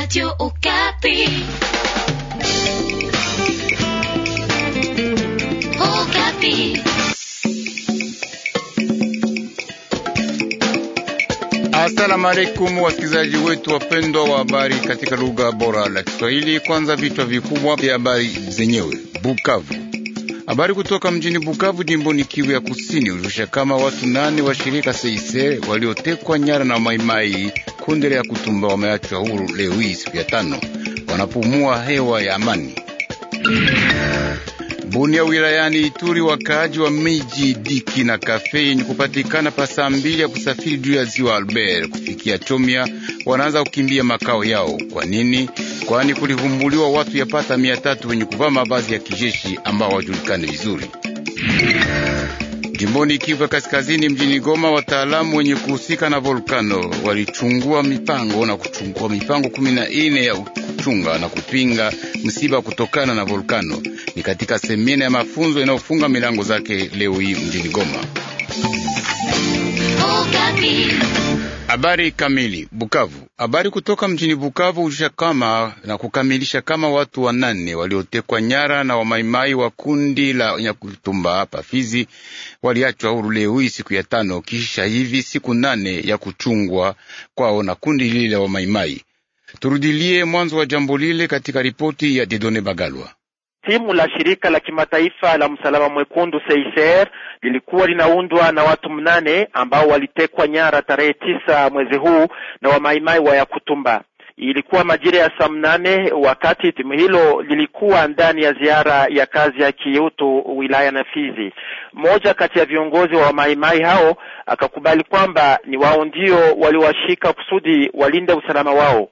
Radio Okapi. Okapi. Asalamu alaykum wasikilizaji wetu wapendwa wa habari katika lugha bora la Kiswahili. Kwanza vichwa vikubwa vya habari zenyewe. Bukavu Habari kutoka mjini Bukavu, jimboni Kivu ya Kusini, ulisha kama watu nane wa shirika Seise waliotekwa nyara na Maimai kundele ya kutumba wameachwa huru leo hii siku ya tano, wanapumua hewa ya amani. Bunia wilayani Ituri, wakaaji wa miji Diki na Kafe yenye kupatikana pa saa mbili ya kusafiri juu ya ziwa Albert kufikia Chomia wanaanza kukimbia makao yao. Kwa nini? Kwani kulivumbuliwa watu yapata mia tatu wenye kuvaa mavazi ya kijeshi ambao hawajulikani vizuri. Jimboni Kivu Kaskazini, mjini Goma, wataalamu wenye kuhusika na volkano walichungua mipango na kuchungua mipango kumi na ine ya kuchunga na kupinga msiba kutokana na volkano ni katika semina ya mafunzo inayofunga milango zake leo hii mjini Goma. Habari kamili Bukavu. Habari kutoka mjini Bukavu huisha kama na kukamilisha kama watu wanane waliotekwa nyara na wamaimai wa kundi la Nyakutumba hapa Fizi waliachwa huru leo hii siku ya tano, kisha hivi siku nane ya kuchungwa kwao na kundi lile la wamaimai. Turudilie mwanzo wa jambo lile katika ripoti ya Dedone Bagalwa. Timu la shirika la kimataifa la msalaba mwekundu CICR lilikuwa linaundwa na watu mnane ambao walitekwa nyara tarehe tisa mwezi huu na wamaimai wa Yakutumba. Ilikuwa majira ya saa mnane wakati timu hilo lilikuwa ndani ya ziara ya kazi ya kiutu wilaya na Fizi. Mmoja kati ya viongozi wa wamaimai hao akakubali kwamba ni wao ndio waliowashika kusudi walinde usalama wao.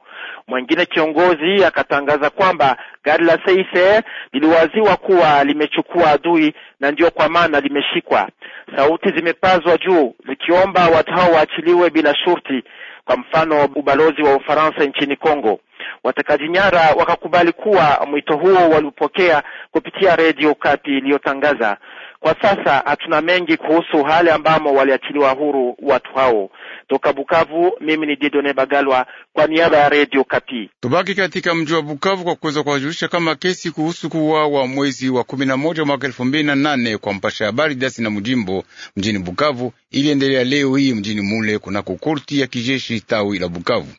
Mwingine kiongozi akatangaza kwamba gari la Seise liliwaziwa kuwa limechukua adui na ndio kwa maana limeshikwa. Sauti zimepazwa juu zikiomba watu hao waachiliwe bila shurti. Kwa mfano, ubalozi wa Ufaransa nchini Kongo. Watekaji nyara wakakubali kuwa mwito huo walipokea kupitia redio Kati iliyotangaza kwa sasa hatuna mengi kuhusu hali ambamo waliachiliwa huru watu hao. Toka Bukavu, mimi ni Didone Bagalwa kwa niaba ya Radio Kapi. Tubaki katika mji wa Bukavu kwa kuweza kuwajulisha kama kesi kuhusu kuuawa mwezi wa kumi na moja mwaka elfu mbili na nane kwa mpasha habari dasi na mjimbo mjini Bukavu iliendelea leo hii mjini mule kunako korti ya kijeshi tawi la Bukavu.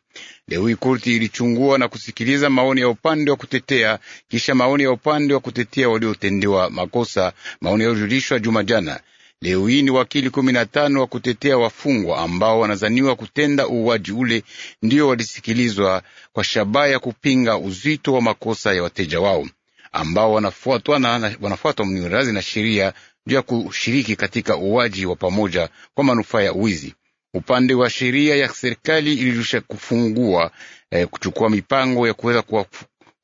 Leo hii korti ilichungua na kusikiliza maoni ya upande wa kutetea, kisha maoni ya upande wa kutetea waliotendewa makosa, maoni yaliyojulishwa juma jana. Leo hii ni wakili kumi na tano wa kutetea wafungwa ambao wanazaniwa kutenda uuaji ule ndio walisikilizwa kwa shabaha ya kupinga uzito wa makosa ya wateja wao ambao wanafuatwa na, wanafuatwa mnirazi na sheria juu ya kushiriki katika uuaji wa pamoja kwa manufaa ya uwizi. Upande wa sheria ya serikali ilirusha kufungua eh, kuchukua mipango ya kuweza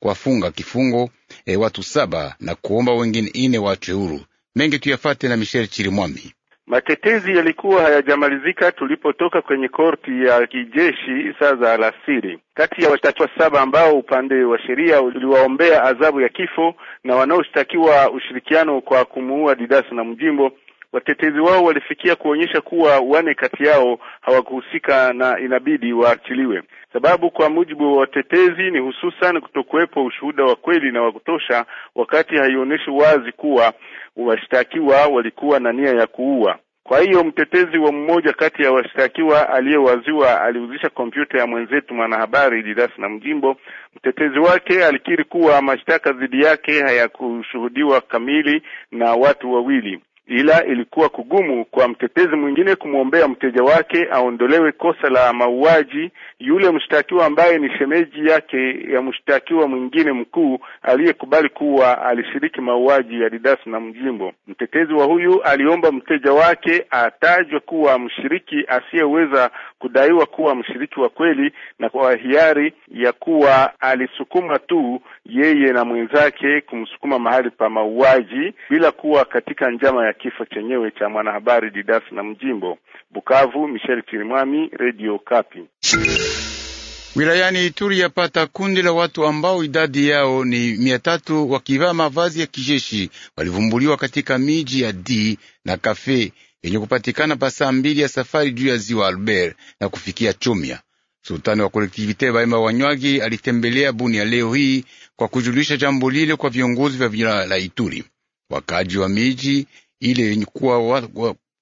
kuwafunga kifungo eh, watu saba na kuomba wengine ine waachwe huru. Mengi tuyafate na Michel Chirimwami. Matetezi yalikuwa hayajamalizika tulipotoka kwenye korti ya kijeshi saa za alasiri. Kati ya washtakiwa saba ambao upande wa sheria uliwaombea adhabu ya kifo na wanaoshtakiwa ushirikiano kwa kumuua Didas na Mjimbo Watetezi wao walifikia kuonyesha kuwa wane kati yao hawakuhusika na inabidi waachiliwe. Sababu kwa mujibu wa watetezi ni hususan kutokuwepo ushuhuda wa kweli na wa kutosha, wakati haionyeshi wazi kuwa washtakiwa walikuwa na nia ya kuua. Kwa hiyo mtetezi wa mmoja kati ya washtakiwa aliyewaziwa aliuzisha kompyuta ya mwenzetu mwanahabari Didas na Mjimbo. Mtetezi wake alikiri kuwa mashtaka dhidi yake hayakushuhudiwa kamili na watu wawili ila ilikuwa kugumu kwa mtetezi mwingine kumwombea mteja wake aondolewe kosa la mauaji yule mshtakiwa ambaye ni shemeji yake ya mshtakiwa mwingine mkuu aliyekubali kuwa alishiriki mauaji ya Didas na Mjimbo. Mtetezi wa huyu aliomba mteja wake atajwe kuwa mshiriki asiyeweza kudaiwa kuwa mshiriki wa kweli, na kwa hiari ya kuwa alisukuma tu yeye na mwenzake kumsukuma mahali pa mauaji bila kuwa katika njama ya kifo chenyewe cha mwanahabari Didas na Mjimbo. Bukavu, Michel Kirimwami, Radio Kapi. Wilayani Ituri yapata kundi la watu ambao idadi yao ni mia tatu wakivaa mavazi ya kijeshi walivumbuliwa katika miji ya D na Kafe yenye kupatikana pa saa mbili ya safari juu ya ziwa Albert na kufikia Chomia. Sultani wa kolektivite Baima Wanywagi alitembelea Bunia leo hii kwa kujulisha jambo lile kwa viongozi vya vila la Ituri. Wakaji wa miji ile yenye kuwa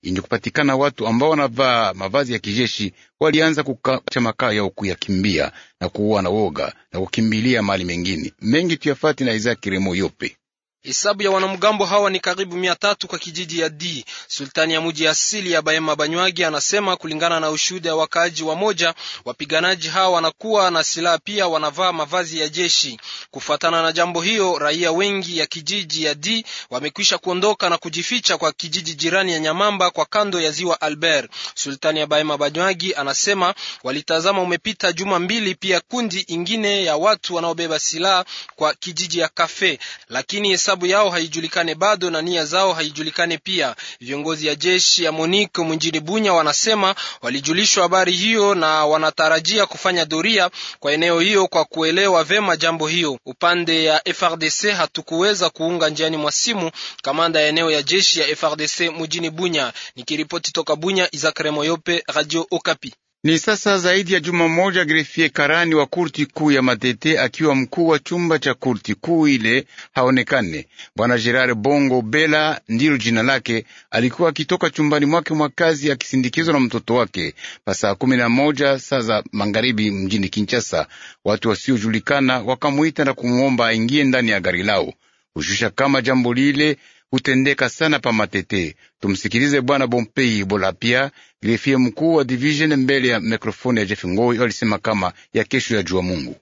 yenye kupatikana watu ambao wanavaa mavazi ya kijeshi walianza kukacha makaa yao kuyakimbia na kuua na woga na kukimbilia mali mengine mengi tuyafati na Izaki Remo Yope Hesabu ya wanamgambo hawa ni karibu mia tatu kwa kijiji ya D. Sultani ya muji asili ya Bayema Banywagi anasema kulingana na ushuhuda wa wakaaji wa moja, wapiganaji hawa wanakuwa na silaha pia wanavaa mavazi ya jeshi. Kufuatana na jambo hiyo, raia wengi ya kijiji ya D wamekwisha kuondoka na kujificha kwa kijiji jirani ya Nyamamba kwa kando ya ziwa Albert. Sultani ya Bayema Banywagi anasema walitazama umepita juma mbili pia kundi ingine ya watu wanaobeba silaha kwa kijiji ya Kafe, lakini hesabu hesabu yao haijulikane bado na nia zao haijulikane pia. Viongozi ya jeshi ya MONUC mjini Bunya wanasema walijulishwa habari hiyo na wanatarajia kufanya doria kwa eneo hiyo kwa kuelewa vema jambo hiyo. Upande ya FRDC hatukuweza kuunga njiani mwa simu kamanda ya eneo ya jeshi ya FRDC mjini Bunya. Nikiripoti toka Bunya, Isaac Remoyope, Radio Okapi. Ni sasa zaidi ya juma moja, grefie karani wa kurti kuu ya Matete akiwa mkuu wa chumba cha kurti kuu ile haonekane. Bwana Gerard Bongo Bela ndilo jina lake. Alikuwa akitoka chumbani mwake mwa kazi akisindikizwa na mtoto wake pa saa kumi na moja saa za magharibi mjini Kinshasa. Watu wasiojulikana wakamwita na kumwomba aingie ndani ya gari lao kushusha kama jambo lile hutendeka sana pa Matete. Tumsikilize Bwana Bompei Bolapia, grefie mkuu wa division, mbele ya mikrofoni ya Jeff Ngoi, alisema kama ya kesho ya jua Mungu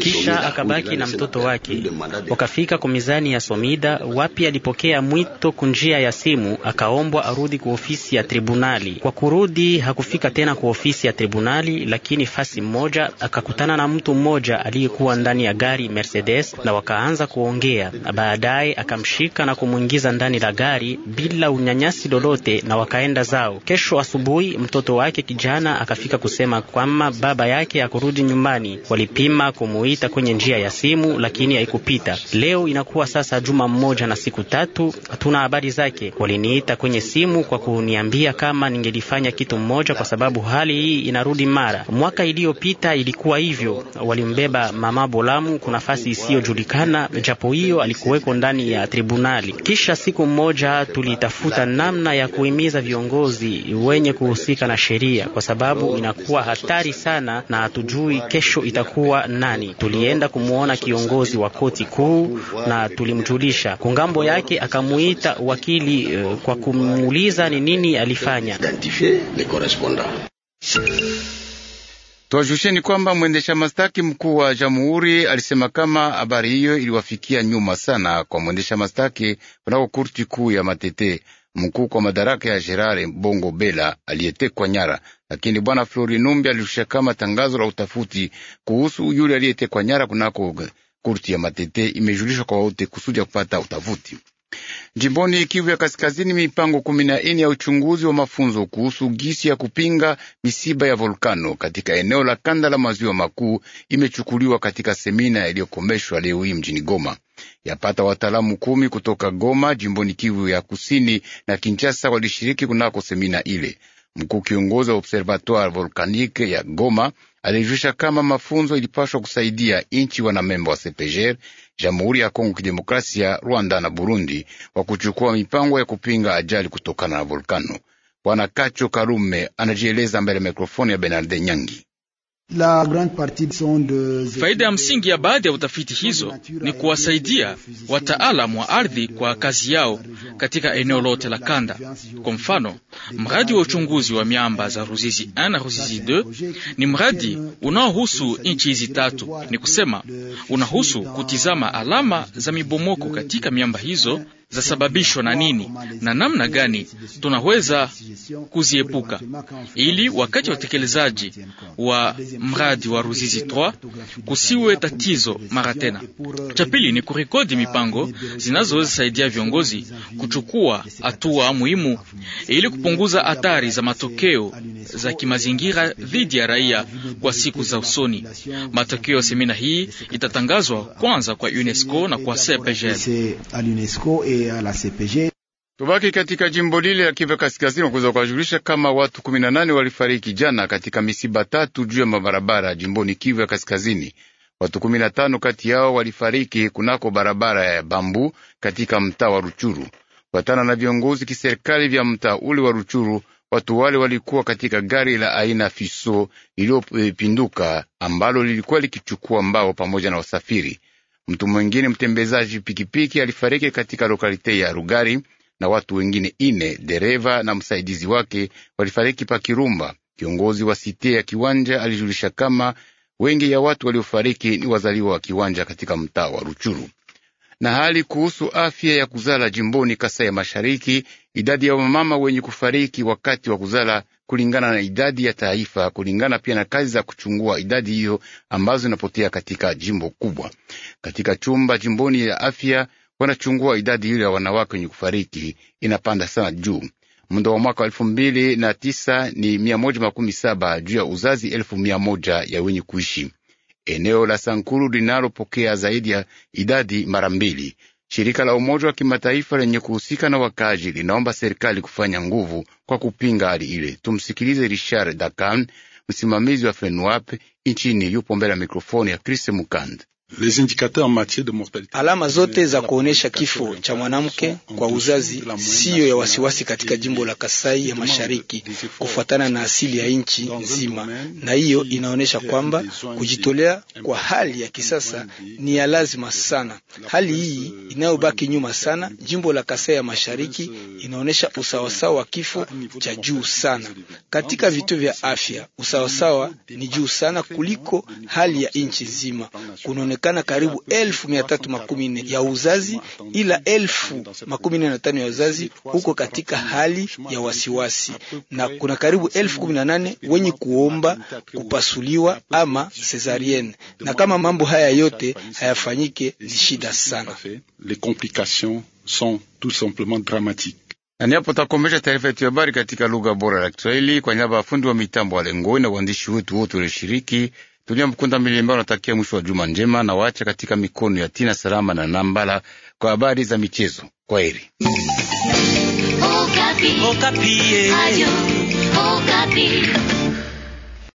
kisha akabaki na mtoto wake, wakafika kwa mizani ya Somida wapi alipokea mwito kunjia ya simu, akaombwa arudi kwa ofisi ya tribunali. Kwa kurudi hakufika tena kwa ofisi ya tribunali, lakini fasi mmoja akakutana na mtu mmoja aliyekuwa ndani ya gari Mercedes, na wakaanza kuongea. Baadaye akamshika na kumwingiza ndani la gari bila unyanyasi lolote, na wakaenda zao. Kesho asubuhi mtoto wake kijana akafika kusema kwamba baba yake ya kurudi nyumbani. Walipima kumuita kwenye njia ya simu, lakini haikupita. Leo inakuwa sasa juma mmoja na siku tatu, hatuna habari zake. Waliniita kwenye simu kwa kuniambia kama ningelifanya kitu mmoja, kwa sababu hali hii inarudi mara. Mwaka iliyopita ilikuwa hivyo, walimbeba mama Bolamu kuna nafasi isiyojulikana, japo hiyo alikuweko ndani ya tribunali. Kisha siku mmoja tulitafuta namna ya kuhimiza viongozi wenye kuhusika na sheria, kwa sababu inakuwa hatari sana na hatu hatujui kesho itakuwa nani. Tulienda kumwona kiongozi wa koti kuu na tulimjulisha kungambo yake, akamuita wakili uh, kwa kumuuliza ni nini alifanya. Tuwajusheni kwamba mwendesha mastaki mkuu wa jamhuri alisema kama habari hiyo iliwafikia nyuma sana kwa mwendesha mastaki kunako kurti kuu ya Matete mkuu kwa madaraka ya Gerare Bongo Bela aliyetekwa nyara, lakini bwana Florinumbi alirusha kama tangazo la utafuti kuhusu yule aliyetekwa nyara kunako kurti ya Matete imejulishwa kwa wote kusudi ya kupata utafuti. Jimboni Kivu ya Kaskazini, mipango kumi na nne ya uchunguzi wa mafunzo kuhusu gisi ya kupinga misiba ya volkano katika eneo la kanda la maziwa makuu imechukuliwa katika semina iliyokomeshwa leo hii mjini Goma yapata wataalamu kumi kutoka Goma jimboni Kivu ya kusini na Kinshasa walishiriki kunako semina ile. Mkuu kiongozi wa Observatoire Volcanique ya Goma alijulisha kama mafunzo ilipashwa kusaidia inchi wanamemba wa CPGR, Jamhuri ya Kongo Kidemokrasia, Rwanda na Burundi kwa kuchukua mipango ya kupinga ajali kutokana na volkano. Bwana Kacho Karume anajieleza mbele ya mikrofoni ya Bernarde Nyangi faida ya msingi ya baadhi ya utafiti hizo ni kuwasaidia wataalam wa ardhi kwa kazi yao katika eneo lote la kanda. Kwa mfano, mradi wa uchunguzi wa miamba za Ruzizi 1 na Ruzizi 2 ni mradi unaohusu nchi hizi tatu, ni kusema unahusu kutizama alama za mibomoko katika miamba hizo zasababishwa na nini na namna gani tunaweza kuziepuka, ili wakati wa utekelezaji wa mradi wa Ruzizi 3 kusiwe tatizo mara tena. Cha pili ni kurekodi mipango zinazoweza saidia viongozi kuchukua hatua muhimu ili kupunguza hatari za matokeo za kimazingira dhidi ya raia kwa siku za usoni. Matokeo ya semina hii itatangazwa kwanza kwa UNESCO na kwa CEPGL ya la CPG. Tubaki katika jimbo lile la Kivu Kaskazini wakuza kuwajulisha kama watu 18 walifariki jana katika misiba tatu juu ya mabarabara jimboni Kivu ya Kaskazini. Watu 15 kati yao walifariki kunako barabara ya Bambu katika mtaa wa Ruchuru. Watana na viongozi kiserikali vya mtaa ule wa Ruchuru, watu wale walikuwa katika gari la aina Fiso iliyopinduka ambalo lilikuwa likichukua mbao pamoja na wasafiri. Mtu mwingine mtembezaji pikipiki alifariki katika lokalite ya Rugari na watu wengine ine, dereva na msaidizi wake walifariki pa Kirumba. Kiongozi wa site ya Kiwanja alijulisha kama wengi ya watu waliofariki ni wazaliwa wa Kiwanja katika mtaa wa Ruchuru. Na hali kuhusu afya ya kuzala jimboni Kasai ya Mashariki, idadi ya wamama wenye kufariki wakati wa kuzala kulingana na idadi ya taifa, kulingana pia na kazi za kuchungua idadi hiyo ambazo inapotea katika jimbo kubwa. Katika chumba jimboni ya afya wanachungua idadi hiyo ya wanawake wenye kufariki inapanda sana juu. Muda wa mwaka wa elfu mbili na tisa ni mia moja makumi saba juu ya uzazi elfu mia moja ya wenye kuishi. Eneo la Sankuru linalopokea zaidi ya idadi mara mbili Shirika la Umoja wa Kimataifa lenye kuhusika na wakazi linaomba serikali kufanya nguvu kwa kupinga hali ile. Tumsikilize Richard Dakan, msimamizi wa FENUAP nchini, yupo mbele ya mikrofoni ya Chris Mukand. Alama zote za kuonesha kifo cha mwanamke kwa uzazi siyo ya wasiwasi katika jimbo la Kasai ya Mashariki kufuatana na asili ya nchi euh, nzima, na hiyo inaonesha kwamba kujitolea kwa hali ya kisasa ni ya lazima sana. Hali hii inayobaki nyuma sana jimbo la Kasai ya Mashariki inaonesha usawasawa wa kifo cha juu sana katika vituo vya afya. Usawasawa ni juu sana kuliko hali ya nchi nzima kunaonekana karibu elfu mia tatu makumi nne ya uzazi, ila elfu makumi nne na tano ya uzazi huko katika hali ya wasiwasi, na kuna karibu elfu kumi na nane wenye kuomba kupasuliwa ama cesarienne, na kama mambo haya yote hayafanyike ni shida sana. Na ni hapo takomesha taarifa yetu ya habari katika lugha bora la Kiswahili kwa niaba ya fundi wa mitambo wa Lengoi na waandishi wetu wote walioshiriki. Dunia Mkunda Milemba unatakia mwisho wa juma njema na waacha katika mikono ya Tina Salama na Nambala kwa habari za michezo. Kwa heri. Okapi. Okapi. Eh.